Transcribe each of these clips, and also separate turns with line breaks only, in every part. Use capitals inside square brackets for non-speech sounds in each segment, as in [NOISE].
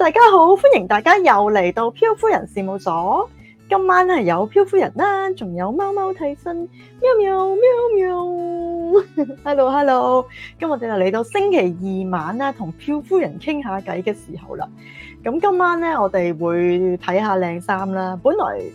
大家好，歡迎大家又嚟到漂夫人事務所。今晚係有漂夫人啦，仲有貓貓替身，喵喵喵喵。Hello，Hello， [LAUGHS] hello. 今日我哋嚟到星期二晚啦，同漂夫人傾下偈嘅時候啦。咁今晚咧，我哋會睇下靚衫啦。本來誒、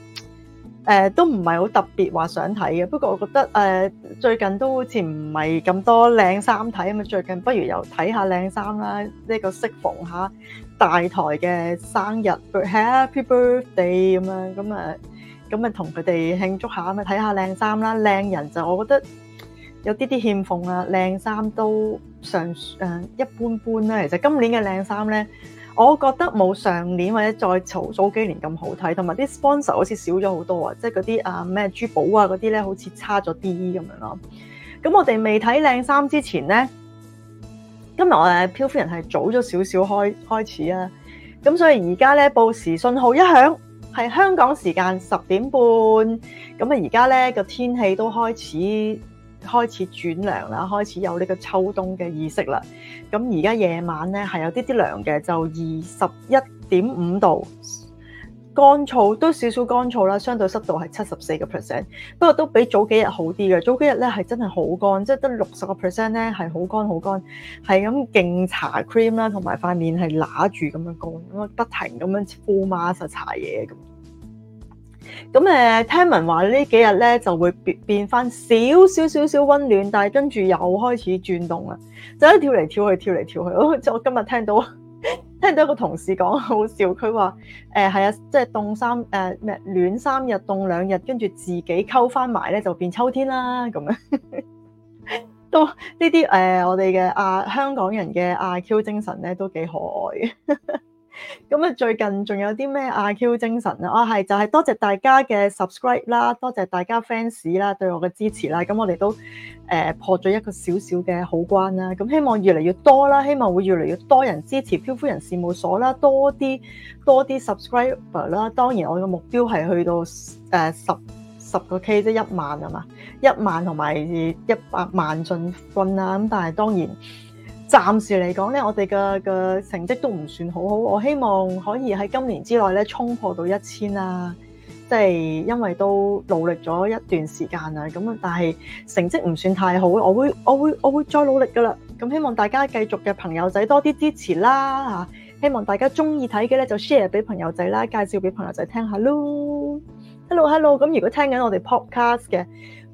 呃、都唔係好特別話想睇嘅，不過我覺得誒、呃、最近都好似唔係咁多靚衫睇咁啊。最近不如又睇下靚衫啦，呢、這個適逢下，大台嘅生日，Happy Birthday 咁樣，咁啊，咁啊，同佢哋慶祝下啊，咪睇下靚衫啦，靚人就我覺得有啲啲欠奉啊，靚衫都上誒、呃、一般般啦。其實今年嘅靚衫咧，我覺得冇上年或者再嘈早幾年咁好睇，同埋啲 sponsor 好似少咗好多啊，即係嗰啲啊咩珠寶啊嗰啲咧，好似差咗啲咁樣咯。咁我哋未睇靚衫之前咧。今日我誒漂夫人係早咗少少開開始啊，咁所以而家咧報時信號一響，係香港時間十點半，咁啊而家咧個天氣都開始開始轉涼啦，開始有呢個秋冬嘅意識啦，咁而家夜晚咧係有啲啲涼嘅，就二十一點五度。乾燥都少少乾燥啦，相對濕度係七十四個 percent，不過都比早幾日好啲嘅。早幾日咧係真係好乾，即係得六十個 percent 咧係好乾好乾，係咁勁搽 cream 啦，同埋塊面係乸住咁樣乾，咁啊不停咁樣敷 mask 搽嘢咁。咁、啊、誒、啊，聽聞話呢幾日咧就會變變翻少少少少溫暖，但係跟住又開始轉動啦，就喺跳嚟跳去，跳嚟跳去。我今日聽到。聽到有個同事講好笑，佢話誒係啊，即係凍三誒咩暖三日凍兩日，跟住自己溝翻埋咧就變秋天啦咁樣，都呢啲誒我哋嘅啊香港人嘅阿 Q 精神咧都幾可愛嘅。哈哈咁啊，最近仲有啲咩阿 Q 精神啊？我係就係、是、多謝大家嘅 subscribe 啦，多謝大家 fans 啦，對我嘅支持啦。咁我哋都誒、呃、破咗一個小小嘅好關啦。咁希望越嚟越多啦，希望會越嚟越多人支持漂夫人事務所啦，多啲多啲 subscriber 啦。當然，我嘅目標係去到誒、呃、十十個 K 即一萬啊嘛，一萬同埋一百萬進分啦。咁但係當然。暫時嚟講咧，我哋嘅嘅成績都唔算好好。我希望可以喺今年之內咧，衝破到一千啦、啊。即係因為都努力咗一段時間啦，咁啊，但係成績唔算太好。我會我會我會再努力噶啦。咁希望大家繼續嘅朋友仔多啲支持啦嚇。希望大家中意睇嘅咧，就 share 俾朋友仔啦，介紹俾朋友仔聽下咯。Hello hello，咁如果聽緊我哋 podcast 嘅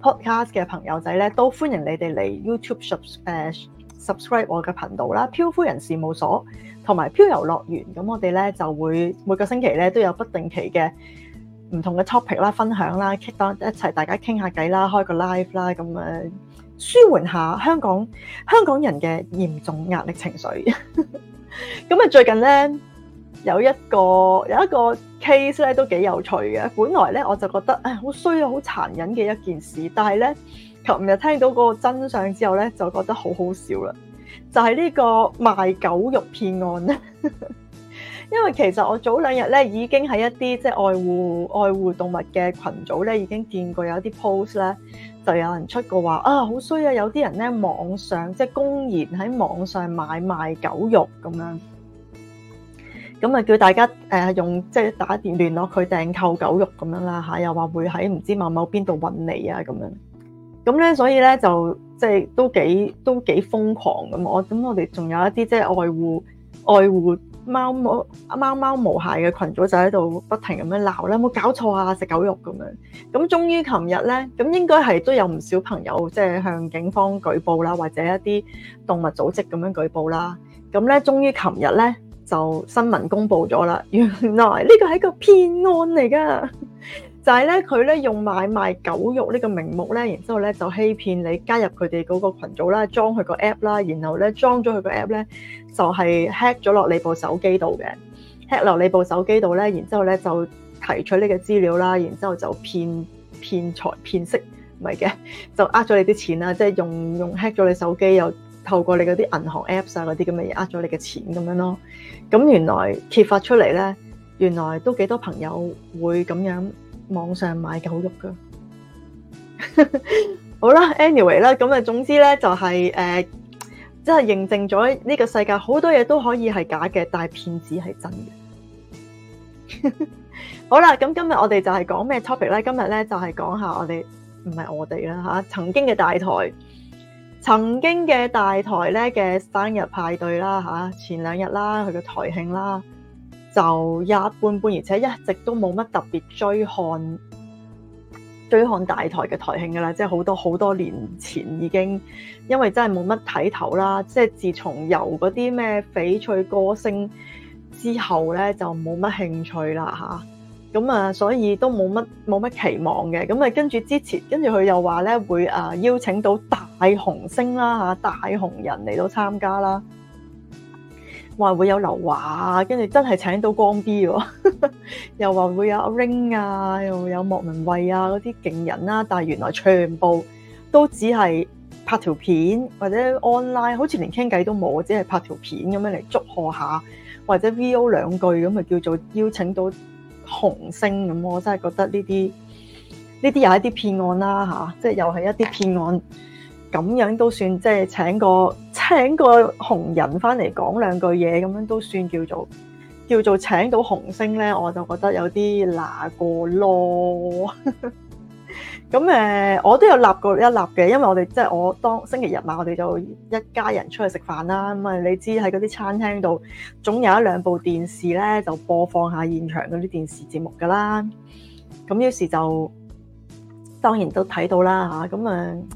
podcast 嘅朋友仔咧，都歡迎你哋嚟 YouTube shop。subscribe 我嘅頻道啦，漂夫人事務所同埋漂游樂園，咁我哋咧就會每個星期咧都有不定期嘅唔同嘅 topic 啦，分享啦，keep 翻一齊，大家傾下偈啦，開個 live 啦，咁誒舒緩下香港香港人嘅嚴重壓力情緒。咁啊，最近咧有一個有一個 case 咧都幾有趣嘅，本來咧我就覺得啊好衰啊，好殘忍嘅一件事，但係咧。琴日聽到個真相之後咧，就覺得好好笑啦。就係、是、呢個賣狗肉騙案啦， [LAUGHS] 因為其實我早兩日咧已經喺一啲即係愛護愛護動物嘅群組咧已經見過有啲 post 咧，就有人出過話啊，好衰啊！有啲人咧網上即係公然喺網上買賣狗肉咁樣，咁啊叫大家誒、呃、用即係打電聯絡佢訂購狗肉咁樣啦嚇，又話會喺唔知某某邊度揾你啊咁樣。咁咧，所以咧就即係都幾都幾瘋狂㗎。我咁我哋仲有一啲即係愛護愛護貓貓貓貓無害嘅群組就喺度不停咁樣鬧啦，有冇搞錯啊？食狗肉咁樣。咁終於琴日咧，咁應該係都有唔少朋友即係向警方舉報啦，或者一啲動物組織咁樣舉報啦。咁咧，終於琴日咧就新聞公佈咗啦，原來呢個係一個騙案嚟噶。就係咧，佢咧用買賣狗肉呢個名目咧，然之後咧就欺騙你加入佢哋嗰個群組啦，裝佢個 app 啦，然後咧裝咗佢個 app 咧就係 hack 咗落你部手機度嘅 hack 落你部手機度咧，然之後咧就提取你嘅資料啦，然之後就騙騙財騙色唔係嘅，就呃咗你啲錢啦，即係用用 hack 咗你手機，又透過你嗰啲銀行 apps 啊嗰啲咁嘅嘢呃咗你嘅錢咁樣咯。咁原來揭發出嚟咧，原來都幾多朋友會咁樣。網上買狗肉噶， [LAUGHS] 好啦，anyway 啦，咁啊，總之咧就係、是、誒，即、呃、係、就是、認證咗呢個世界好多嘢都可以係假嘅，但係騙子係真嘅。 [LAUGHS] 好啦，咁今日我哋就係講咩 topic 咧？今日咧就係講下我哋唔係我哋啦吓，曾經嘅大台，曾經嘅大台咧嘅生日派對啦吓、啊，前兩日啦佢嘅台慶啦。就一般般，而且一直都冇乜特別追看追看大台嘅台慶噶啦，即係好多好多年前已經，因為真係冇乜睇頭啦。即係自從由嗰啲咩翡翠歌星之後咧，就冇乜興趣啦吓，咁啊，所以都冇乜冇乜期望嘅。咁啊，跟住之前跟住佢又話咧會啊邀請到大紅星啦嚇、啊，大紅人嚟到參加啦。話會有劉華，跟住真係請到光啲喎， [LAUGHS] 又話會有阿 Ring 啊，又會有莫文蔚啊嗰啲勁人啦、啊，但係原來全部都只係拍條片或者 online，好似連傾偈都冇，只係拍條片咁樣嚟祝賀下，或者 VO 兩句咁啊叫做邀請到紅星咁，我真係覺得呢啲呢啲又係一啲騙案啦、啊、嚇，即、啊、係、就是、又係一啲騙案。咁樣都算，即係請個請個紅人翻嚟講兩句嘢，咁樣都算叫做叫做請到紅星咧。我就覺得有啲嗱過咯。咁 [LAUGHS] 誒、嗯，我都有立過一立嘅，因為我哋即係我當星期日晚，我哋就一家人出去食飯啦。咁、嗯、啊，你知喺嗰啲餐廳度總有一兩部電視咧，就播放下現場嗰啲電視節目㗎啦。咁、嗯、於是就當然都睇到啦嚇。咁啊～、嗯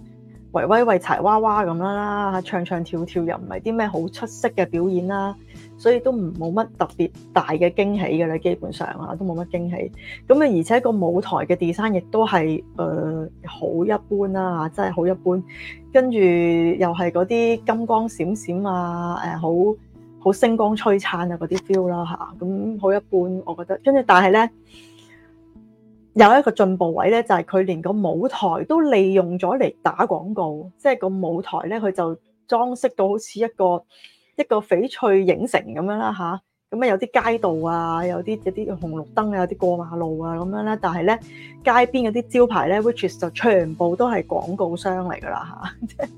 維維維柴娃娃咁啦，唱唱跳跳又唔係啲咩好出色嘅表演啦，所以都唔冇乜特別大嘅驚喜噶啦，基本上啊都冇乜驚喜。咁啊，而且個舞台嘅 design 亦都係誒好一般啦，真係好一般。跟住又係嗰啲金光閃閃啊，誒好好星光璀璨啊嗰啲 feel 啦，吓咁好一般，我覺得。跟住但係呢。有一個進步位咧，就係、是、佢連個舞台都利用咗嚟打廣告，即係個舞台咧，佢就裝飾到好似一個一個翡翠影城咁樣啦吓，咁啊有啲街道啊，有啲有啲紅綠燈啊，有啲過馬路啊咁樣啦，但係咧街邊嘅啲招牌咧，Which is 就全部都係廣告商嚟噶啦吓， [LAUGHS] 即係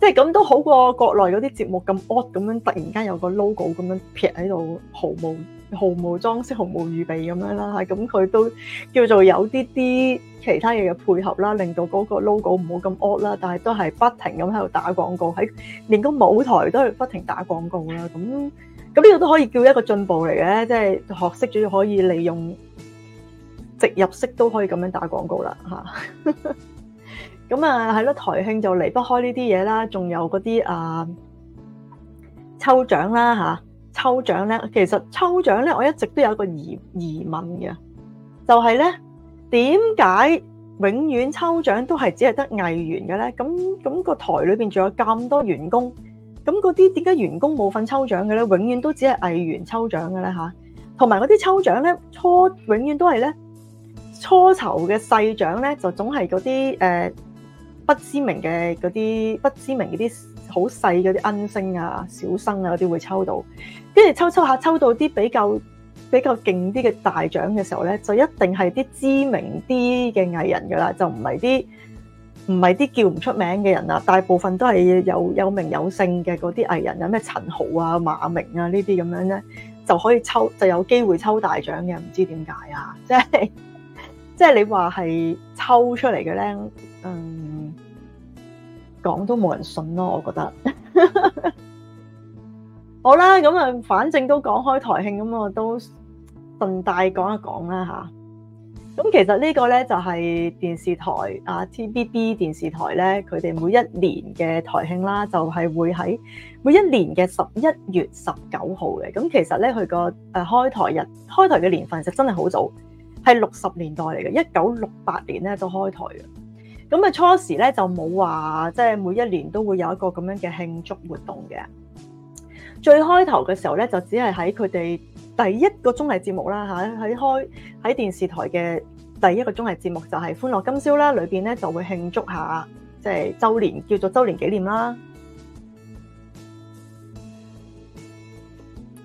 即係咁都好過國內嗰啲節目咁 odd 咁樣突然間有個 logo 咁樣撇喺度，毫無。毫無裝飾、毫無預備咁樣啦嚇，咁佢都叫做有啲啲其他嘢嘅配合啦，令到嗰個 logo 唔好咁 odd 啦。但係都係不停咁喺度打廣告，喺連個舞台都係不停打廣告啦。咁咁呢個都可以叫一個進步嚟嘅，即係學識咗可以利用植入式都可以咁樣打廣告啦嚇。咁啊，係咯，台慶就離不開呢啲嘢啦，仲有嗰啲啊抽獎啦嚇。抽獎咧，其實抽獎咧，我一直都有個疑疑問嘅，就係咧點解永遠抽獎都係只係得藝員嘅咧？咁咁個台裏邊仲有咁多員工，咁嗰啲點解員工冇份抽獎嘅咧？永遠都只係藝員抽獎嘅咧嚇。同埋嗰啲抽獎咧，初永遠都係咧初籌嘅細獎咧，就總係嗰啲誒不知名嘅嗰啲不知名嗰啲。好細嗰啲恩星啊、小生啊嗰啲會抽到，跟住抽抽下抽到啲比較比較勁啲嘅大獎嘅時候咧，就一定係啲知名啲嘅藝人噶啦，就唔係啲唔係啲叫唔出名嘅人啊，大部分都係有有名有姓嘅嗰啲藝人，有咩陳豪啊、馬明啊呢啲咁樣咧，就可以抽就有機會抽大獎嘅，唔知點解啊？即係即係你話係抽出嚟嘅咧，嗯。講都冇人信咯，我覺得。 [LAUGHS] 好啦，咁啊，反正都講開台慶咁我都順帶講一講啦吓。咁其實這個呢個咧就係、是、電視台啊，TVB 電視台咧，佢哋每一年嘅台慶啦，就係、是、會喺每一年嘅十一月十九號嘅。咁其實咧佢個誒開台日，開台嘅年份就真係好早，係六十年代嚟嘅，一九六八年咧就開台嘅。咁啊，初時咧就冇話，即係每一年都會有一個咁樣嘅慶祝活動嘅。最開頭嘅時候咧，就只係喺佢哋第一個綜藝節目啦，嚇喺開喺電視台嘅第一個綜藝節目就係《歡樂今宵》啦，裏邊咧就會慶祝下即係周年，叫做周年紀念啦。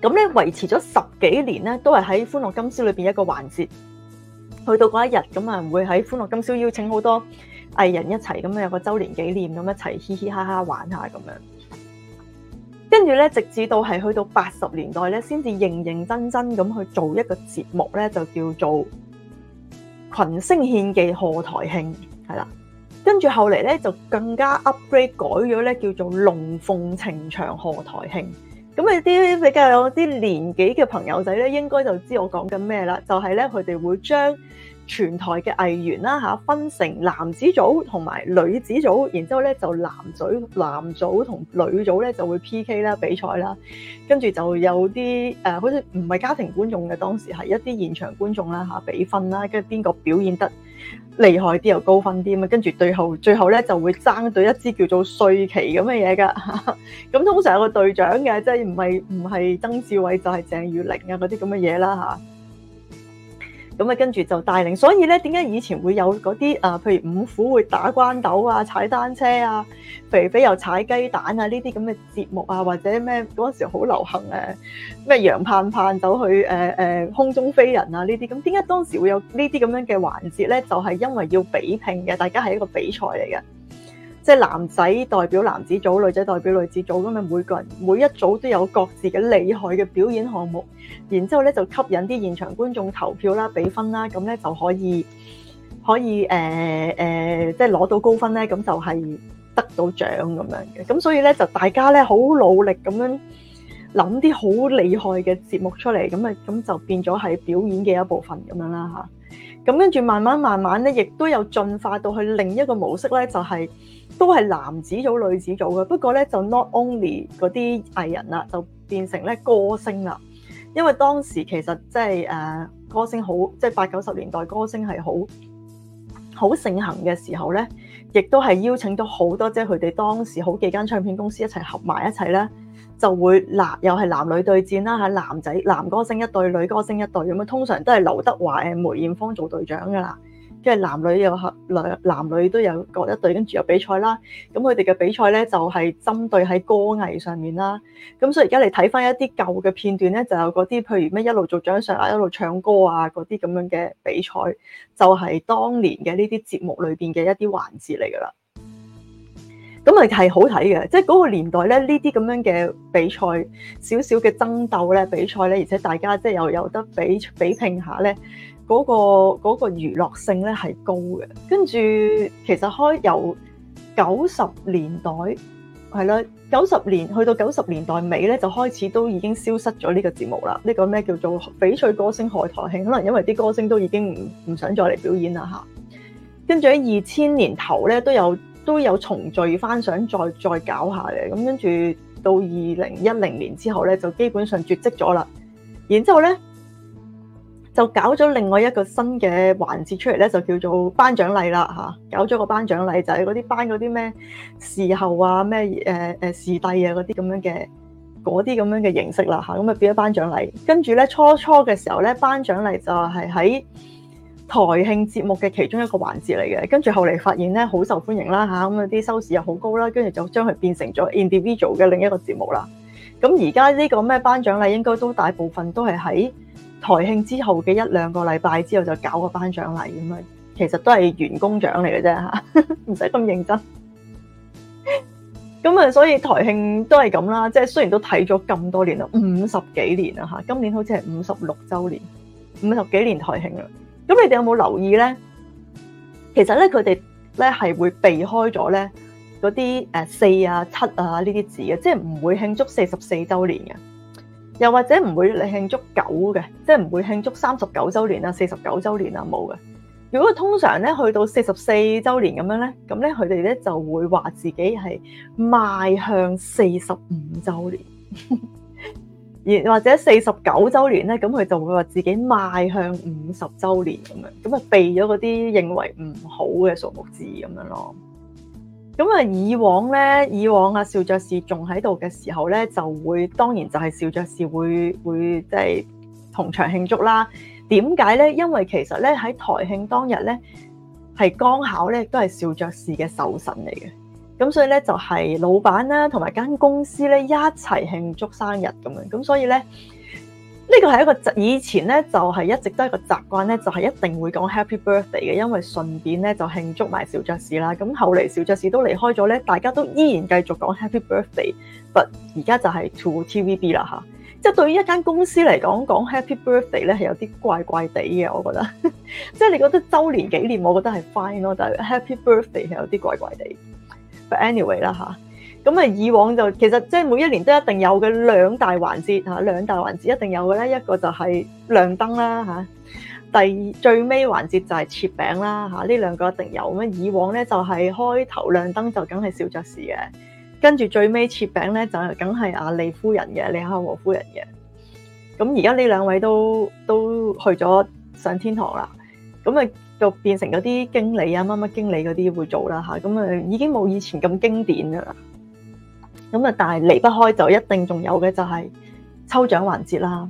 咁咧維持咗十幾年咧，都係喺《歡樂今宵》裏邊一個環節。去到嗰一日，咁啊唔會喺《歡樂今宵》邀請好多，藝人一齊咁樣有個周年紀念，咁一齊嘻嘻哈哈玩下咁樣，跟住咧直至到係去到八十年代咧，先至認認真真咁去做一個節目咧，就叫做群星獻技賀台慶，係啦。跟住後嚟咧就更加 upgrade 改咗咧，叫做龍鳳呈祥賀台慶。咁啊啲比較有啲年紀嘅朋友仔咧，應該就知我講緊咩啦，就係咧佢哋會將。全台嘅藝員啦嚇，分成男子組同埋女子組，然之後咧就男組男組同女組咧就會 PK 啦比賽啦，跟住就有啲誒、呃，好似唔係家庭觀眾嘅當時係一啲現場觀眾啦嚇、啊，比分啦，跟住邊個表演得厲害啲又高分啲啊，跟住最後最後咧就會爭到一支叫做瑞奇咁嘅嘢噶，咁、啊、通常有個隊長嘅，即係唔係唔係曾志偉就係、是、鄭裕玲啊嗰啲咁嘅嘢啦嚇。咁啊，跟住就帶領，所以咧，點解以前會有嗰啲啊，譬如五虎會打關鬥啊、踩單車啊，肥肥又踩雞蛋啊呢啲咁嘅節目啊，或者咩嗰陣時好流行咧、啊，咩楊盼盼走去、呃呃、空中飛人啊呢啲，咁點解當時會有呢啲咁樣嘅環節咧？就係、是、因為要比拼嘅，大家係一個比賽嚟嘅。即係男仔代表男子組，女仔代表女子組咁啊！每個人每一組都有各自嘅厲害嘅表演項目，然之後咧就吸引啲現場觀眾投票啦、俾分啦，咁咧就可以可以誒誒，即係攞到高分咧，咁就係得到獎咁樣嘅。咁所以咧就大家咧好努力咁樣諗啲好厲害嘅節目出嚟，咁啊咁就變咗係表演嘅一部分咁樣啦吓。咁跟住慢慢慢慢咧，亦都有進化到去另一個模式咧，就係都係男子組女子組嘅。不過咧，就 not only 嗰啲藝人啦，就變成咧歌星啦。因為當時其實即係誒歌星好，即係八九十年代歌星係好好盛行嘅時候咧，亦都係邀請到好多即係佢哋當時好幾間唱片公司一齊合埋一齊咧。就會男又係男女對戰啦嚇，男仔男歌星一隊，女歌星一隊咁啊，通常都係劉德華誒梅艷芳做隊長噶啦，跟住男女又男女都有各一隊，跟住有比賽啦。咁佢哋嘅比賽咧就係針對喺歌藝上面啦。咁所以而家你睇翻一啲舊嘅片段咧，就有嗰啲譬如咩一路做掌上壓啊，一路唱歌啊嗰啲咁樣嘅比賽，就係、是、當年嘅呢啲節目裏邊嘅一啲環節嚟噶啦。咁咪係好睇嘅，即係嗰個年代咧，這這小小呢啲咁樣嘅比賽，少少嘅爭鬥咧，比賽咧，而且大家即係又有得比比拼下咧，嗰、嗰個、嗰個娛樂性咧係高嘅。跟住其實開由九十年代係啦，九十年去到九十年代尾咧，就開始都已經消失咗呢個節目啦。呢、呢個咩叫做翡翠歌星賀台慶，可能因為啲歌星都已經唔唔想再嚟表演啦吓。跟住喺二千年頭咧都有。都有重聚翻，想再再搞下嘅，咁跟住到二零一零年之後咧，就基本上絕跡咗啦。然之後咧，就搞咗另外一個新嘅環節出嚟咧，就叫做頒獎禮啦嚇。搞咗個頒獎禮，就係嗰啲班嗰啲咩視后啊，咩誒誒視帝啊，嗰啲咁樣嘅嗰啲咁樣嘅形式啦嚇，咁啊變咗頒獎禮。跟住咧初初嘅時候咧，頒獎禮就係喺台慶節目嘅其中一個環節嚟嘅，跟住後嚟發現咧好受歡迎啦嚇，咁、啊、啲收視又好高啦，跟住就將佢變成咗 individual 嘅另一個節目啦。咁而家呢個咩頒獎禮應該都大部分都係喺台慶之後嘅一兩個禮拜之後就搞個頒獎禮咁樣，其實都係員工獎嚟嘅啫嚇，唔使咁認真。咁啊，所以台慶都係咁啦，即係雖然都睇咗咁多年啦，五十幾年啦嚇、啊，今年好似係五十六週年，五十幾年台慶啦。咁你哋有冇留意咧？其實咧，佢哋咧係會避開咗咧嗰啲誒，四啊七啊呢啲字嘅，即係唔會慶祝四十四周年嘅，又或者唔會嚟慶祝九嘅，即係唔會慶祝三十九周年啊、四十九周年啊冇嘅。如果通常咧去到四十四周年咁樣咧，咁咧佢哋咧就會話自己係邁向四十五周年。 [LAUGHS] 而或者四十九周年咧，咁佢就會話自己邁向五十周年咁樣，咁啊避咗嗰啲認為唔好嘅數目字咁樣咯。咁啊以往咧，以往阿、啊、邵爵士仲喺度嘅時候咧，就會當然就係邵爵士會會即係同場慶祝啦。點解咧？因為其實咧喺台慶當日咧，係剛巧咧都係邵爵士嘅壽神嚟嘅。咁所以咧就係、是、老闆啦，同埋間公司咧一齊慶祝生日咁樣。咁所以咧，呢、這個係一個以前咧就係一直都係個習慣咧，就係一定會講 Happy Birthday 嘅，因為順便咧就慶祝埋小爵士啦。咁後嚟小爵士都離開咗咧，大家都依然繼續講 Happy Birthday 但。但而家就係 to TVB 啦吓，即係對於一間公司嚟講講 Happy Birthday 咧係有啲怪怪地嘅，我覺得。即 [LAUGHS] 係你覺得周年紀念，我覺得係 fine 咯，但係 Happy Birthday 係有啲怪怪地。Anyway 啦嚇，咁啊以往就其實即係每一年都一定有嘅兩大環節嚇，兩大環節一定有嘅咧，一個就係亮燈啦嚇，第二最尾環節就係切餅啦嚇，呢兩個一定有。咁以往咧就係開頭亮燈就梗係邵爵士嘅，跟住最尾切餅咧就梗係阿利夫人嘅、利孝和夫人嘅。咁而家呢兩位都都去咗上天堂啦，咁啊。就變成嗰啲經理啊、乜乜經理嗰啲會做啦嚇，咁啊已經冇以前咁經典啦。咁啊，但係離不開就一定仲有嘅就係抽獎環節啦。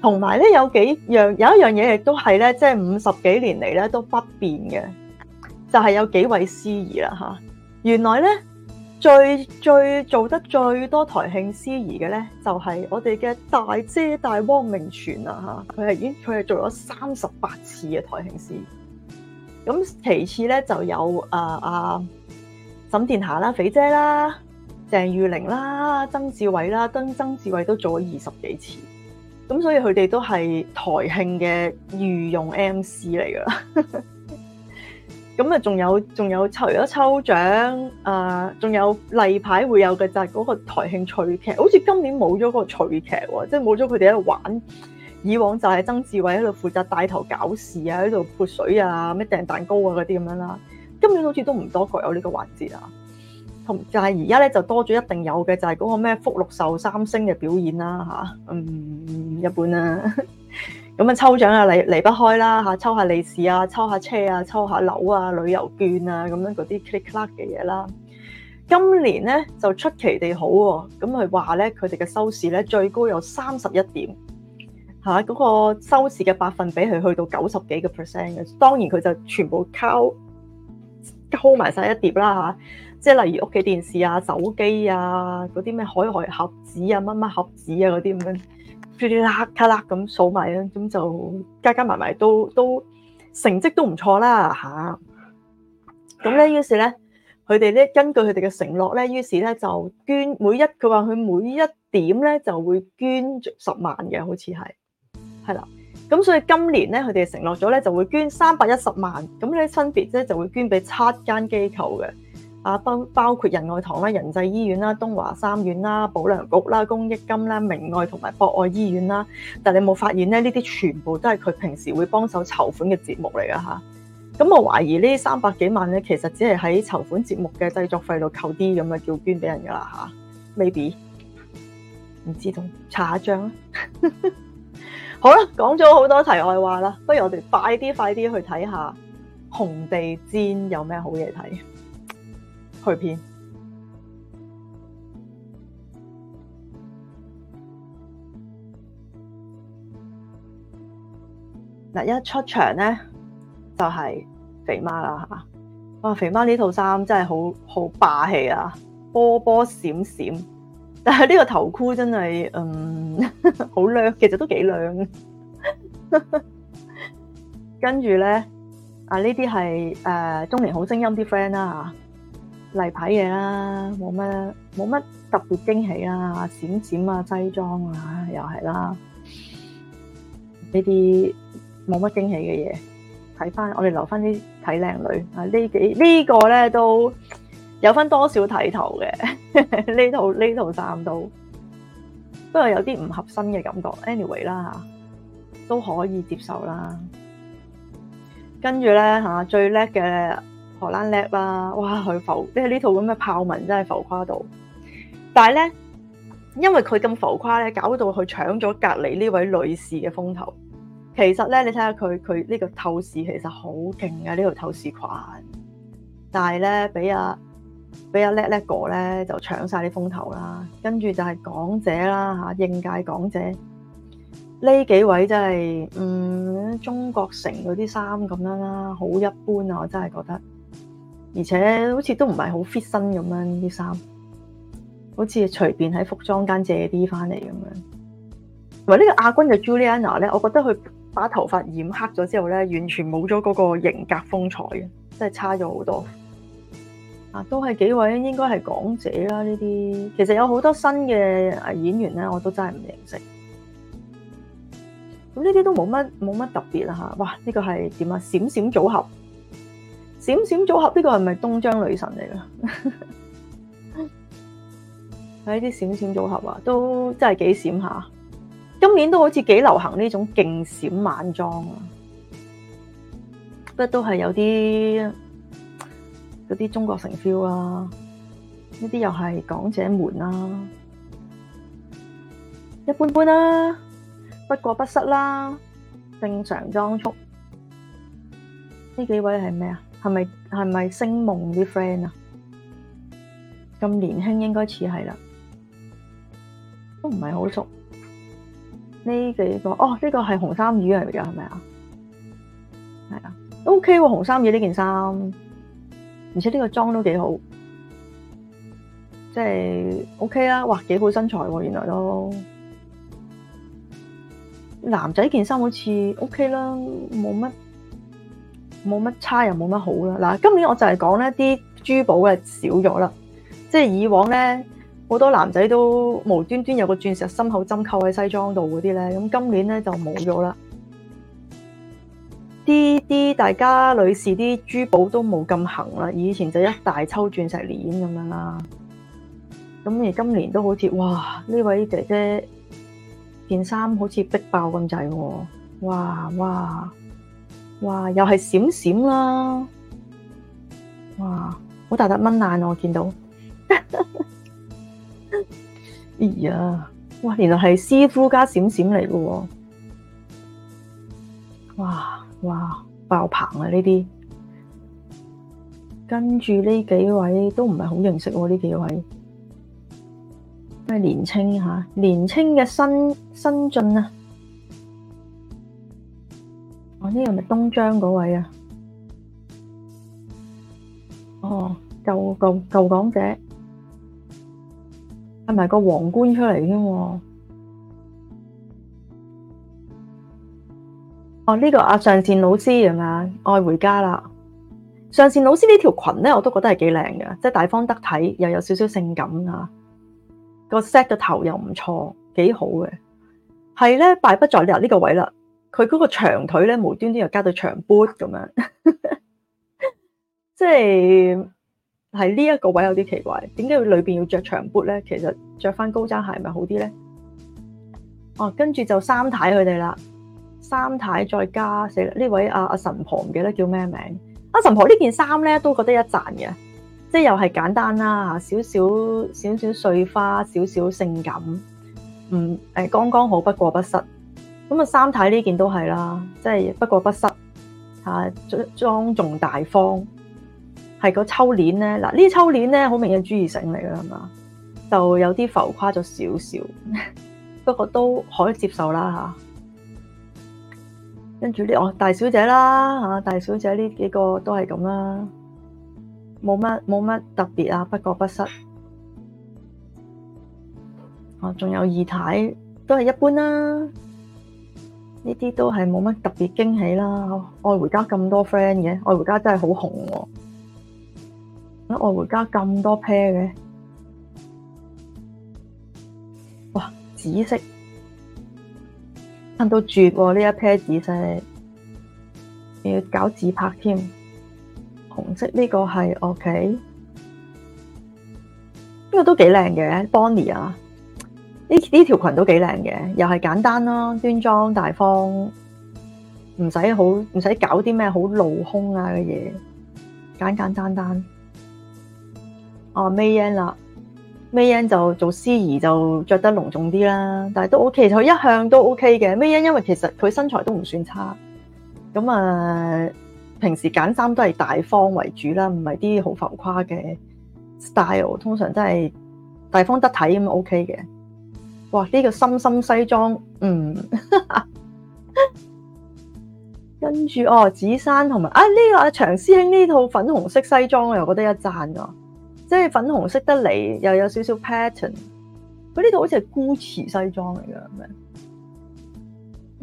同埋咧有幾樣，有一樣嘢亦都係咧，即係五十幾年嚟咧都不變嘅，就係有幾位司儀啦嚇。原來咧最最做得最多台慶司儀嘅咧，就係我哋嘅大姐大汪明荃啊嚇，佢係已經佢係做咗三十八次嘅台慶司。咁其次咧，就有、呃、啊啊沈殿霞啦、肥姐啦、鄭裕玲啦、曾志偉啦，曾曾志偉都做咗二十幾次，咁所以佢哋都係台慶嘅御用 MC 嚟噶啦。咁啊，仲有仲有，仲有除咗抽獎啊，仲、呃、有例牌會有嘅就係嗰個台慶趣劇，好似今年冇咗個趣劇喎、哦，即係冇咗佢哋喺度玩。以往就係曾志偉喺度負責帶頭搞事啊，喺度潑水啊，咩掟蛋糕啊嗰啲咁樣啦。今年好似都唔多過有這個，各有呢個環節啊。同就係而家咧就多咗一定有嘅就係嗰個咩福祿壽三星嘅表演啦、啊、吓，嗯，一般啦。咁啊抽獎啊離離不開啦吓，抽下利是啊，抽下車啊，抽下樓啊，旅遊券啊，咁樣嗰啲 click click 嘅嘢啦。今年咧就出奇地好、啊，咁佢話咧佢哋嘅收視咧最高有三十一點。嚇嗰個收視嘅百分比係去到九十幾個 percent 嘅，當然佢就全部溝溝埋晒一碟啦嚇，即係例如屋企電視啊、手機啊、嗰啲咩海外盒子啊、乜乜盒子啊嗰啲咁樣，嘟啲啦卡啦咁數埋啊，咁就加加埋埋都都成績都唔錯啦嚇。咁咧於是咧，佢哋咧根據佢哋嘅承諾咧，於是咧就捐每一佢話佢每一點咧就會捐十萬嘅，好似係。係啦，咁所以今年咧，佢哋承諾咗咧就會捐三百一十萬，咁咧分別咧就會捐俾七間機構嘅，啊，包包括仁愛堂啦、仁濟醫院啦、東華三院啦、保良局啦、公益金啦、明愛同埋博愛醫院啦。但你冇發現咧？呢啲全部都係佢平時會幫手籌款嘅節目嚟噶嚇。咁我懷疑這呢三百幾萬咧，其實只係喺籌款節目嘅製作費度扣啲咁嘅叫捐俾人噶啦嚇，maybe 唔知同查下帳 [LAUGHS] 好啦，講咗好多題外話啦，不如我哋快啲快啲去睇下《紅地毯》有咩好嘢睇？去片嗱，嗯、一出場呢，就係、是、肥媽啦哇、啊，肥媽呢套衫真係好好霸氣啊，波波閃閃。但係呢個頭箍真係嗯好靚，其實都幾靚。跟住咧啊，呢啲係誒中年好聲音啲 friend 啦，例牌嘢啦，冇乜冇乜特別驚喜啦，閃閃啊西裝啊又係啦，呢啲冇乜驚喜嘅嘢。睇返我哋留返啲睇靚女啊，呢幾呢個咧都。有分多少睇頭嘅呢？ [LAUGHS] 套呢套衫都，不過有啲唔合身嘅感覺。Anyway 啦吓，都可以接受啦。跟住咧吓，最叻嘅荷蘭叻啦，哇佢浮，即係呢套咁嘅豹紋真係浮誇到。但係咧，因為佢咁浮誇咧，搞到佢搶咗隔籬呢位女士嘅風頭。其實咧，你睇下佢佢呢個透視其實好勁嘅呢套透視裙，但係咧俾阿。俾阿叻叻哥咧就搶晒啲風頭啦，跟住就係港姐啦吓，應屆港姐呢幾位真係嗯，中國城嗰啲衫咁樣啦，好一般啊，我真係覺得，而且好似都唔係好 fit 身咁樣啲衫，好似隨便喺服裝間借啲翻嚟咁樣。嗱呢個亞軍嘅 Juliana 咧，我覺得佢把頭髮染黑咗之後咧，完全冇咗嗰個型格風采啊，真係差咗好多。啊，都係幾位應該係港姐啦？呢啲其實有好多新嘅演員咧，我都真係唔認識。咁呢啲都冇乜冇乜特別啦嚇、啊。哇！呢、呢個係點啊？閃閃組合，閃閃組合呢、呢個係咪東張女神嚟㗎？睇 [LAUGHS] 啲閃閃組合啊，都真係幾閃下。今年都好似幾流行呢種勁閃晚裝啊，不過都係有啲。嗰啲中國城 feel 啊，呢啲又係港姐門啦、啊，一般般啦、啊，不過不失啦、啊，正常裝束。呢幾位係咩啊？係咪係咪星夢啲 friend 啊？咁年輕應該似係啦，都唔係好熟。呢幾個哦，呢、呢個係紅衫魚嚟嘅係咪啊？係、OK、啊，O K 喎紅衫魚呢件衫。而且呢個裝都幾好，即係 OK、啊啊、OK 啦，哇幾好身材喎，原來都男仔件衫好似 OK 啦，冇乜差又冇乜好啦，嗱，今年我就係講咧啲珠寶嘅少咗啦，即係以往呢，好多男仔都無端端有個鑽石心口針扣喺西裝度嗰啲咧，咁今年呢就冇咗啦。啲啲大家女士啲珠寶都冇咁行啦，以前就一大抽鑽石鏈咁樣啦，咁而今年都好似哇呢位姐姐件衫好似逼爆咁滯喎，哇哇哇又係閃閃啦，哇好大得蚊眼我見到， [LAUGHS] 哎呀，哇原來係師傅加閃閃嚟嘅喎。哇，爆棚啊！呢啲跟住呢幾位都唔係好認識呢幾位，係年青吓、啊？年青嘅新新進啊！哦、這呢個咪東張嗰位啊？哦，舊舊舊港姐，帶埋個皇冠出嚟的。哦，呢、這個阿上善老師係咪啊？愛回家啦！上善老師呢條裙咧，我都覺得係幾靚嘅，即係大方得體，又有少少性感啊！這個 set 嘅頭又唔錯，幾好嘅。係咧，敗筆在嗱呢、這個位啦。佢嗰個長腿咧，無端端又加對長 boot 咁樣，即係係呢一個位有啲奇怪。點解佢裏邊要着長 boot 咧？其實着翻高踭鞋咪好啲咧？哦，跟住就三太佢哋啦。三太再加四呢位阿阿、啊、神婆唔記得叫咩名？阿、啊、神婆這件衣服呢件衫咧都覺得一讚嘅，即係又係簡單啦，少少少少碎花，少少性感，嗯誒，剛剛好不過不失。咁啊，三太呢件都係啦，即係不過不失，吓莊重大方，係個秋鏈咧。嗱呢秋鏈咧好明顯朱義盛嚟㗎啦嘛，就有啲浮誇咗少少， [LAUGHS] 不過都可以接受啦吓。跟住呢，我、哦、大小姐啦，吓大小姐呢幾個都係咁啦，冇乜冇乜特別啊，不過不失。哦，仲有二太都係一般啦、啊，呢啲都係冇乜特別驚喜啦。愛回家咁多 friend 嘅，愛回家真係好紅哦、啊，咁愛回家咁多 pair 嘅，哇，紫色。看到絕喎！呢一撇紫色就係要搞自拍添。紅色呢個係 O K，呢個都幾靚嘅 Bonnie 啊！呢呢條裙都幾靚嘅，又係簡單啦，端莊大方，唔使好唔使搞啲咩好露胸啊嘅嘢，簡簡單單。啊 Mayanne 啦～、May Mayen 就做司儀就着得隆重啲啦，但係都 OK，佢一向都 OK 嘅。Mayen 因為其實佢身材都唔算差，咁啊平時揀衫都係大方為主啦，唔係啲好浮誇嘅 style，通常都係大方得體咁 OK 嘅。哇，呢、這個深深西裝，嗯， [LAUGHS] 跟住哦，紫珊同埋啊呢、這個阿長師兄呢套粉紅色西裝，我又覺得一讚啊。即係粉紅色得嚟，又有少少 pattern。佢呢度好似係 Gucci 西裝嚟嘅，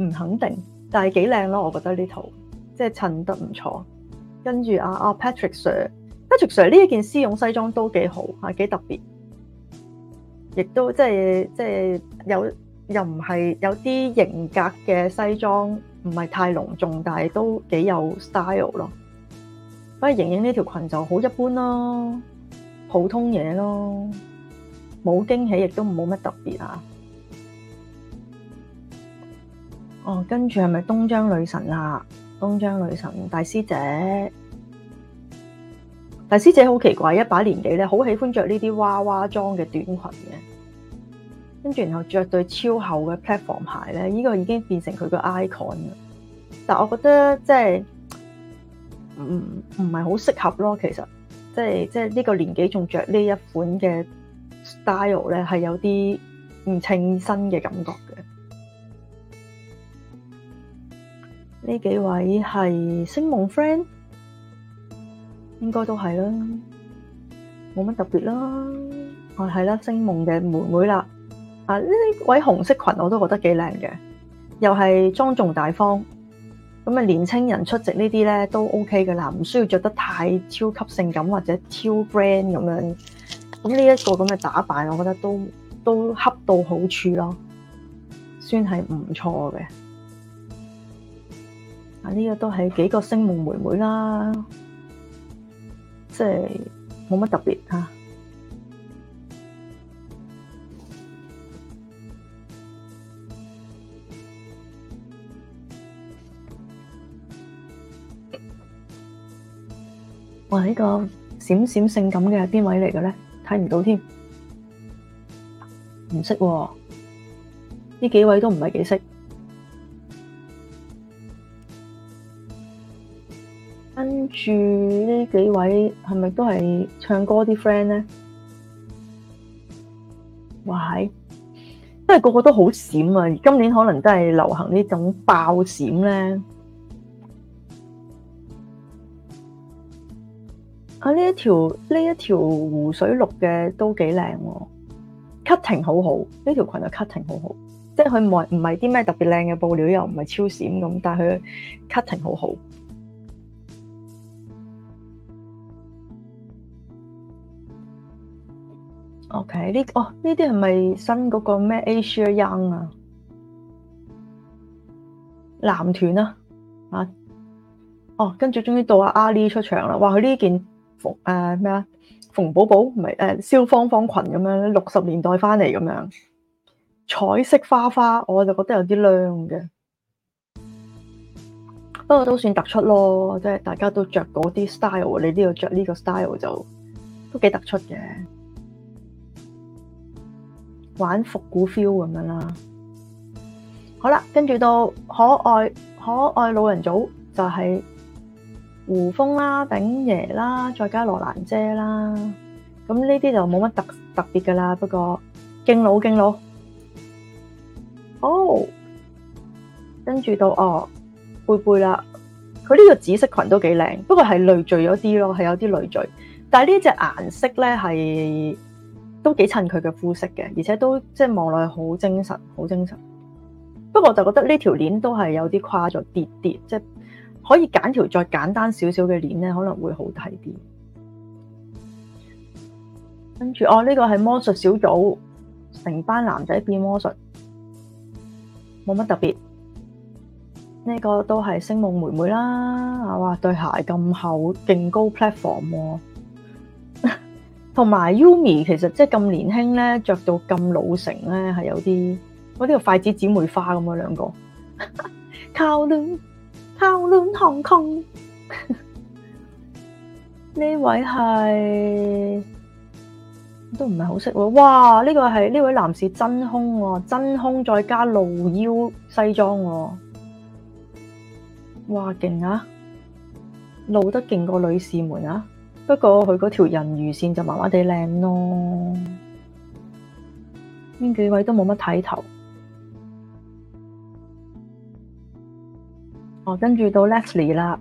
唔肯定，但係幾靚咯。我覺得呢套即係襯得唔錯。跟住啊啊 Patrick Sir，Patrick Sir 呢一件絲絨西裝都幾好，吓幾特別，亦都即係即係有又唔係有啲型格嘅西裝，唔係太隆重，但係都幾有 style 咯。不過瑩瑩呢條裙就好一般咯。普通嘢咯，冇驚喜亦都冇乜特別啊！哦，跟住係咪東張女神啊？東張女神大師姐，大師姐好奇怪，一把年紀咧，好喜歡着呢啲娃娃裝嘅短裙嘅，跟住然後着對超厚嘅 platform 鞋咧，呢個已經變成佢個 icon 啦。但我覺得即係，唔唔係好適合咯，其實。即係即係呢個年紀仲着呢一款嘅 style 咧，係有啲唔稱身嘅感覺嘅。呢幾位係星夢 friend，應該都係啦，冇乜特別啦。啊，係啦，星夢嘅妹妹啦。啊，呢位紅色裙我都覺得幾靚嘅，又係莊重大方。咁啊，年青人出席這些呢啲呢都 OK 嘅喇，唔需要著得太超級性感或者超 brand 咁樣。咁呢一個咁嘅打扮，我覺得都都恰到好處囉，算係唔錯嘅。啊，呢個都係幾個星夢妹妹啦，即係冇乜特別㗎。哇！這個閃閃性感嘅係邊位嚟嘅呢，睇唔到添，唔識喎，呢幾位都唔係幾識。跟住呢幾位係咪都係唱歌啲 friend 呢？哇！係，真係個個都好閃啊！今年可能都係流行呢種爆閃呢。啊！呢一條呢一條湖水綠嘅都幾靚喎，cutting 好好。呢條裙嘅 cutting 好好，即係佢冇佢冇唔係啲咩特別靚嘅布料，又唔係超閃咁，但係 cutting 好好。OK，呢啲係咪新嗰個咩 Asia Young 啊？男團啊，啊哦，跟住終於到阿阿 Ali 出場啦！哇，佢呢件～馮誒咩啊？馮寶寶唔係誒，蕭芳芳裙咁樣咧，六十、呃、年代翻嚟咁樣，彩色花花我就覺得有啲靚嘅，不過都算突出咯，即係大家都着嗰啲 style，你呢度着呢個 style 就都幾突出嘅，玩復古 feel 咁樣啦。好啦，跟住到可愛可愛老人組就係、是。胡楓啦、啊、鼎爺啦、啊，再加羅蘭姐啦、啊，咁呢啲就冇乜特特別噶啦。不過敬老敬老，哦，跟住、oh, 到哦貝貝啦，佢、oh, 呢個紫色裙都幾靚，不過係累贅咗啲咯，係有啲累贅。但係呢隻顏色咧係都幾襯佢嘅膚色嘅，而且都即係望落去好精神，好精神。不過我就覺得呢條鏈都係有啲誇咗，跌跌即係。就是可以揀條再簡單少少嘅鏈咧，可能會好睇啲。跟住哦，呢個係魔術小組，成班男仔變魔術，冇乜特別。呢個都係聲夢妹妹啦。哇，對鞋咁厚，勁高 platform 喎、啊。同埋 Yumi 其實即係咁年輕咧，着到咁老成咧，係有啲我呢筷子姊妹花咁樣兩個。靠炮暖航空，呢 [LAUGHS] 位係都唔係好識咯。哇，呢個係呢位男士真空哦，真空再加露腰西裝哦。哇，勁啊！露得勁過女士們啊。不過佢嗰條人魚線就麻麻地靚咯。呢幾位都冇乜睇頭。哦，跟住到 Leslie 啦，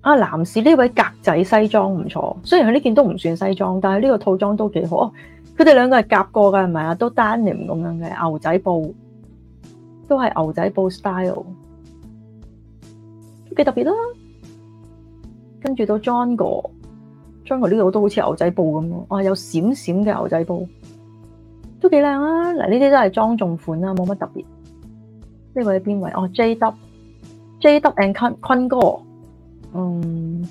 啊男士呢位格仔西裝唔錯，雖然佢呢件都唔算西裝，但係呢個套裝都幾好。哦、佢哋兩個係夾過噶，係咪啊？都丹寧咁樣嘅牛仔布，都係牛仔布 style，都幾特別啦。跟住到 John 哥，John 哥呢度都好似牛仔布咁樣，哇、哦，有閃閃嘅牛仔布，都幾靚啊。嗱，呢啲都係莊重款啦，冇乜特別。呢位係邊位？哦，J W。JW, JW and 坤哥，or，嗯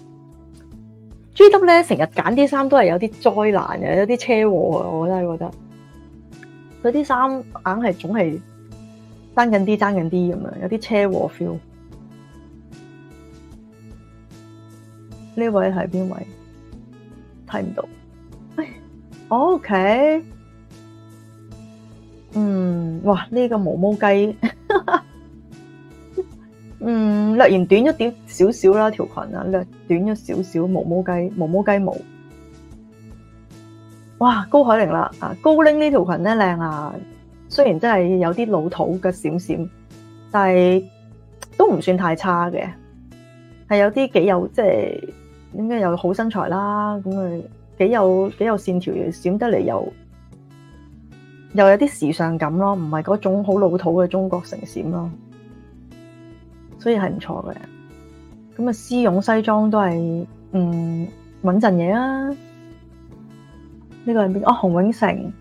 ，JW 咧成日揀啲衫都係有啲災難嘅，有啲車禍啊，我真係覺得，佢啲衫硬係總係爭緊啲爭緊啲咁樣，有啲車禍 feel。呢 [MUSIC] 位係邊位？睇唔到，喂，OK，嗯，哇，呢、這個毛毛雞。 [LAUGHS] 嗯，略然短一點少少啦，條裙啊，略短咗少少，毛毛雞，毛毛雞毛。哇，高海寧啦，啊，高寧呢條裙咧靚啊，雖然真係有啲老土嘅閃閃，但係都唔算太差嘅，係有啲幾有即係，應該有好身材啦，咁佢幾有幾有線條嘅閃得嚟，又又有啲時尚感咯，唔係嗰種好老土嘅中國城閃咯。所以係唔錯嘅，咁啊絲絨西裝都係嗯穩陣嘢啦。呢個係邊哦，洪永城。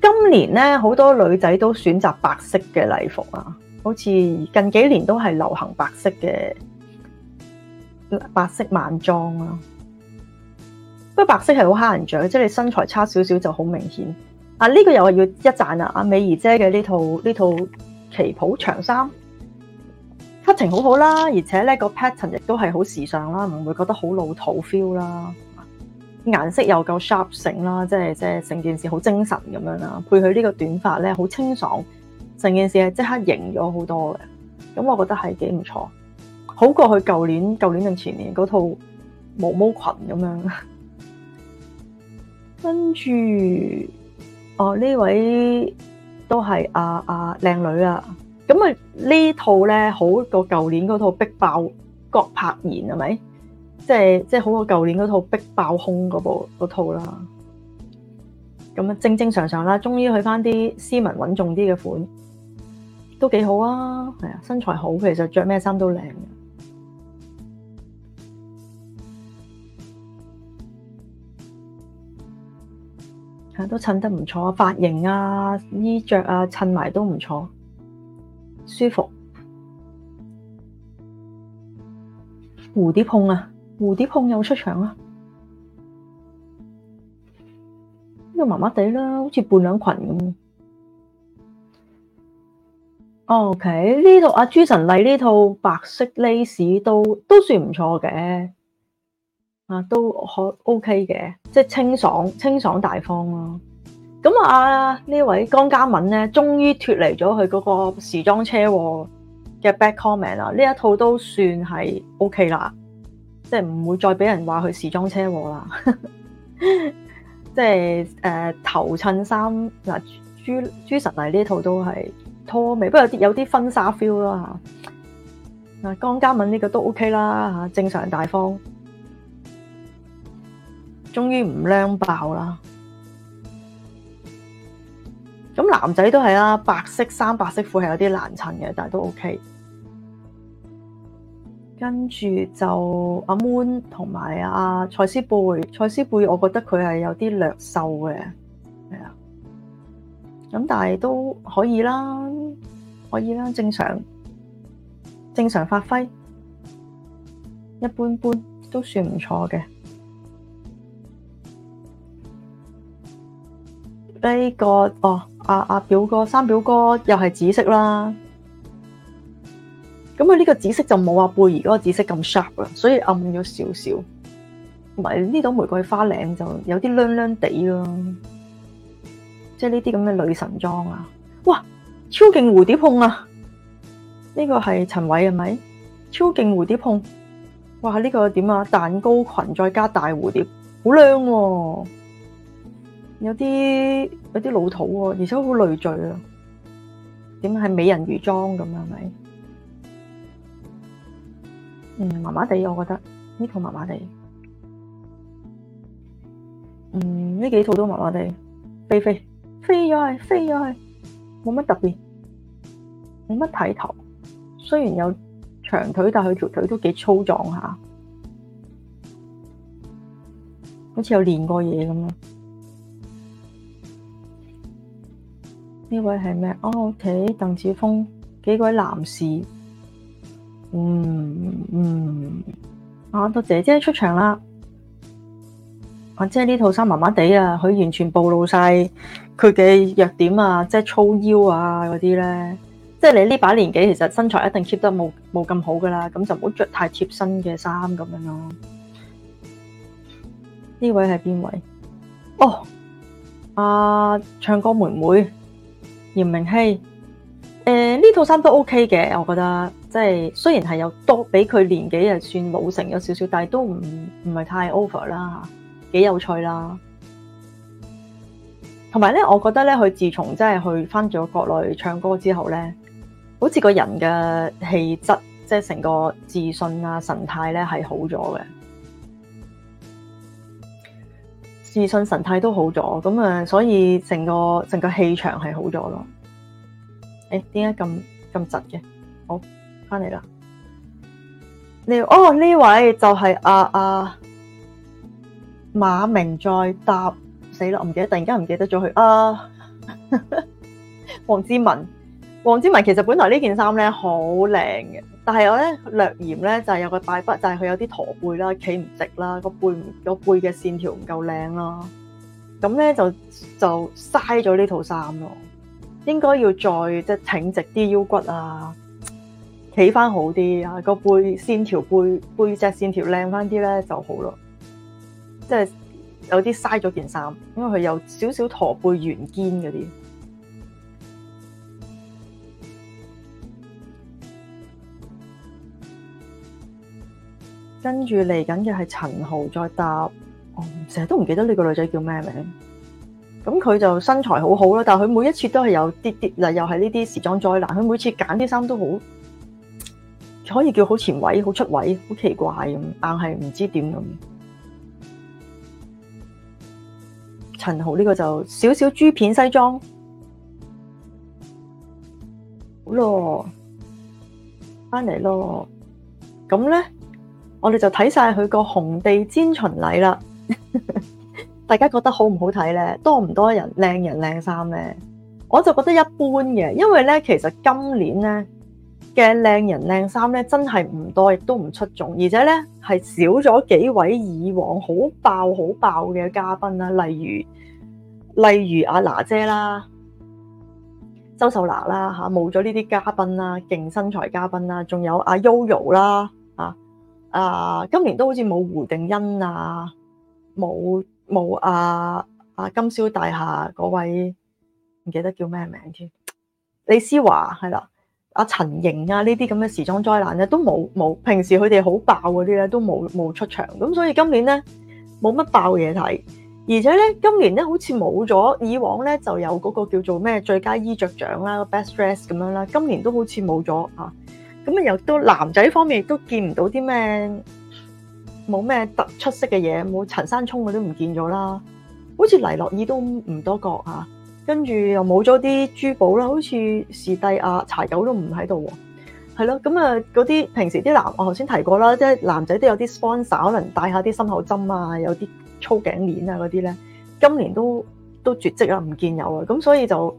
今年咧好多女仔都選擇白色嘅禮服啊，好似近幾年都係流行白色嘅，白色晚裝啊。不過白色係好蝦人着，即係你身材差少少就好明顯。啊呢個又係要一贊啊，阿美儀姐嘅呢套呢套。旗袍長衫，cut 好好啦，而且咧、呢個 pattern 亦都係好時尚啦，唔會覺得好老土 feel 啦。顏色又夠 sharp 性啦，即係即係成件事好精神咁樣啦。配佢呢個短髮咧，好清爽，成件事係即刻型咗好多嘅。咁我覺得係幾唔錯，好過去舊年舊年定前年嗰套毛毛裙咁樣。跟住，哦呢位。都係阿阿靚女啊。咁啊呢套咧好過，舊年嗰套逼爆郭柏妍係咪？即係即係好過舊年嗰套逼爆胸嗰部套啦。咁啊正正常常，常啦，終於去翻啲斯文穩重啲嘅款，都幾好啊。係啊，身材好，其實着咩衫都靚。都襯得唔錯，髮型啊、衣着啊，襯埋都唔錯，舒服。蝴蝶控啊，蝴蝶控又出場啦，啊，呢、這個麻麻地啦，好像半兩似半身裙咁。OK，呢套阿、啊、朱晨麗呢套白色 lace 都都算唔錯嘅。啊，都可 OK 嘅，即係清爽、清爽大方咯。咁啊、呢、啊、位江嘉敏咧，終於脫離咗佢嗰個時裝車禍嘅 bad comment 啦。呢一套都算係 OK 啦，即係唔會再俾人話佢時裝車禍啦。 [LAUGHS] 即係誒、呃，頭襯衫嗱、啊，朱朱晨麗呢套都係拖尾，不過有啲有啲婚紗 feel 咯吓。啊，江嘉敏呢個都 OK 啦，吓、啊、正常大方。終於唔靚爆啦！咁男仔都係啦、啊，白色衫、白色褲係有啲難襯嘅，但係都 OK。跟住就阿 Moon 同埋阿蔡思貝，蔡思貝，我覺得佢係有啲略瘦嘅，係啊。咁但係都可以啦，可以啦，正常，正常發揮，一般般都算唔錯嘅。呢、這個哦，阿、啊、阿、啊、表哥三表哥又係紫色啦。咁佢呢個紫色就冇阿、啊、貝兒嗰個紫色咁 sharp 啦，所以暗咗少少。唔係呢朵玫瑰花領就有啲亮亮地咯，即係呢啲咁嘅女神裝啊！哇，超勁蝴蝶控啊！呢、這個係陳偉係咪？超勁蝴蝶控！哇！呢、這個點啊？蛋糕裙再加大蝴蝶，好靚喎！有啲有啲老土喎，啊，而且好累贅啊。點解係美人魚裝咁啊？係，嗯，麻麻地，我覺得呢套麻麻地。嗯，呢幾套都麻麻地。飛飛飛咗去，飛咗去，冇乜特別，冇乜睇頭。雖然有長腿，但係條腿都幾粗壯嚇，好似有練過嘢咁樣。呢位係咩？哦，睇鄧智鋒，幾位男士。嗯嗯，啊，到姐姐出場啦。啊，即係呢套衫麻麻地啊，佢完全暴露晒佢嘅弱點啊，即係粗腰啊嗰啲呢。即係你呢把年紀，其實身材一定 keep 得冇冇咁好㗎喇，咁就唔好着太貼身嘅衫咁樣咯。呢位係邊位？哦，啊，唱歌妹妹。炎明熹，誒、欸、呢套衫都 OK 嘅，我覺得即係雖然係有多比佢年紀又算老成咗少少，但係都唔唔係太 over 啦，幾幾有趣啦。同埋咧，我覺得咧，佢自從即係去返咗國內唱歌之後咧，好似個人嘅氣質，即係成個自信啊神態咧係好咗嘅。自信神態都好咗，咁啊，所以成個成個氣場係好咗咯。誒，點解咁咁窒嘅？好，翻嚟啦。呢哦呢位就係阿阿馬明再答，死啦！我唔記得，突然間唔記得咗佢啊，黃智雯。黃智雯，其實本來這件衣服呢件衫咧好靚嘅，但係我咧略嫌咧就係、是、有個敗筆，就係、是、佢有啲駝背啦，企唔直啦，個背唔背嘅線條唔夠靚啦，咁咧就就嘥咗呢套衫咯。應該要再即係、就是、挺直啲腰骨啊，企翻好啲啊，個背線條背背脊線條靚翻啲咧就好咯。即、就、係、是、有啲嘥咗件衫，因為佢有少少駝背、圓肩嗰啲。跟住嚟緊嘅係陳豪再搭。我成日都唔記得呢個女仔叫咩名。咁佢就身材好好啦，但佢每一次都係有啲啲嗱，又係呢啲時裝災難。佢每次揀啲衫都好，可以叫好前衛、好出位、好奇怪咁，但係唔知點咁。陳豪呢個就少少珠片西裝，好咯，翻嚟咯，咁咧。我哋就睇晒佢個紅地毯巡禮啦， [LAUGHS] 大家覺得好唔好睇呢？多唔多人靚人靚衫呢？我就覺得一般嘅，因為呢，其實今年呢嘅靚人靚衫呢，真係唔多，亦都唔出眾，而且呢，係少咗幾位以往好爆好爆嘅嘉賓啦，例如例如阿娜姐啦、周秀娜啦嚇，冇咗呢啲嘉賓啦，勁身材嘉賓啦，仲有阿 Yoyo 啦。Uh, 啊，啊，啊，今啊，啊這這今今！今年都好似冇胡定欣啊，冇冇阿阿金宵大廈嗰位唔記得叫咩名添？李施嬅係啦，阿陳瑩啊呢啲咁嘅時裝災難咧都冇冇，平時佢哋好爆嗰啲咧都冇冇出場，咁所以今年咧冇乜爆嘢睇，而且咧今年咧好似冇咗以往咧就有嗰個叫做咩最佳衣着獎啦，best dress 咁樣啦，今年都好似冇咗啊！咁啊，又到男仔方面都見唔到啲咩，冇咩突出色嘅嘢，冇陳山聰我都唔見咗啦。好似黎諾懿都唔多覺、啊，跟住又冇咗啲珠寶啦。好似時帝亞柴狗都唔喺度喎，係咯。咁啊，嗰啲、啊、平時啲男我頭先提過啦，即係男仔都有啲 sponsor，可能戴下啲心口針啊，有啲粗頸鏈啊嗰啲咧，今年都都絕跡啦，唔見有啊。咁所以就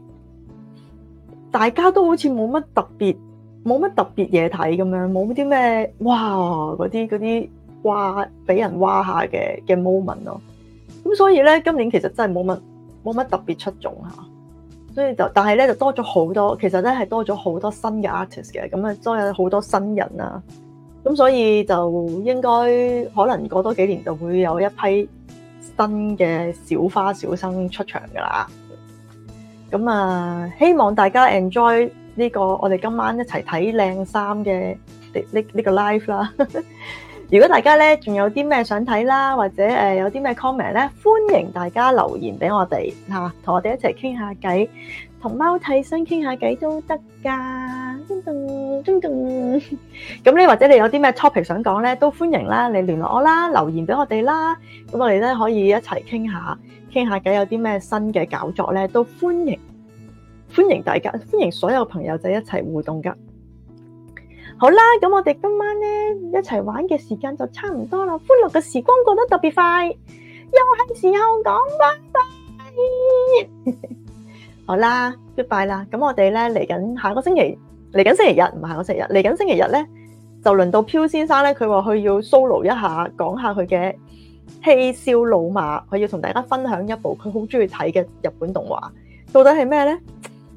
大家都好似冇乜特別。冇乜特別嘢睇咁樣，冇啲咩哇嗰啲嗰啲哇俾人哇下嘅嘅 moment 咯。咁所以咧，今年其實真係冇乜冇乜特別出眾嚇。所以就但係咧，就多咗好多，其實咧係多咗好多新嘅 artist 嘅，咁啊多有好多新人啊。咁所以就應該可能過多幾年就會有一批新嘅小花小生出場㗎啦。咁啊，希望大家 enjoy。呢、這個我哋今晚一齊睇靚衫嘅呢呢呢個 live 啦。 [LAUGHS] 如果大家咧仲有啲咩想睇啦，或者誒、呃、有啲咩 comment 咧，歡迎大家留言俾我哋嚇，同、啊、我哋一齊傾下偈，同貓替身傾下偈都得㗎。噉咁咧，叮叮 [LAUGHS] 你或者你有啲咩 topic 想講咧，都歡迎啦，你聯絡我啦，留言俾我哋啦。咁我哋咧可以一齊傾下傾下偈，有啲咩新嘅搞作咧，都歡迎。歡迎大家，歡迎所有朋友仔一齊互動㗎。好啦，咁我哋今晚咧一齊玩嘅時間就差唔多啦。歡樂嘅時光過得特別快，又係時候講拜拜。 [LAUGHS] 好啦，goodbye 啦。咁我哋咧嚟緊下個星期嚟緊星期日，唔係下個星期日嚟緊星期日咧，就輪到漂先生咧。佢話佢要 solo 一下，講下佢嘅氣笑老馬。佢要同大家分享一部佢好中意睇嘅日本動畫，到底係咩咧？